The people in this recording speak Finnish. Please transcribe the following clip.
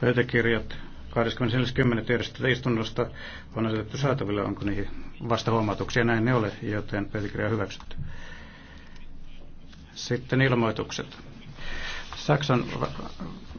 Pöytäkirjat 24.10. istunnosta on asetettu saatavilla, Onko niihin vasta huomautuksia? Näin ne ole, joten pöytäkirja on hyväksytty. Sitten ilmoitukset. Saksan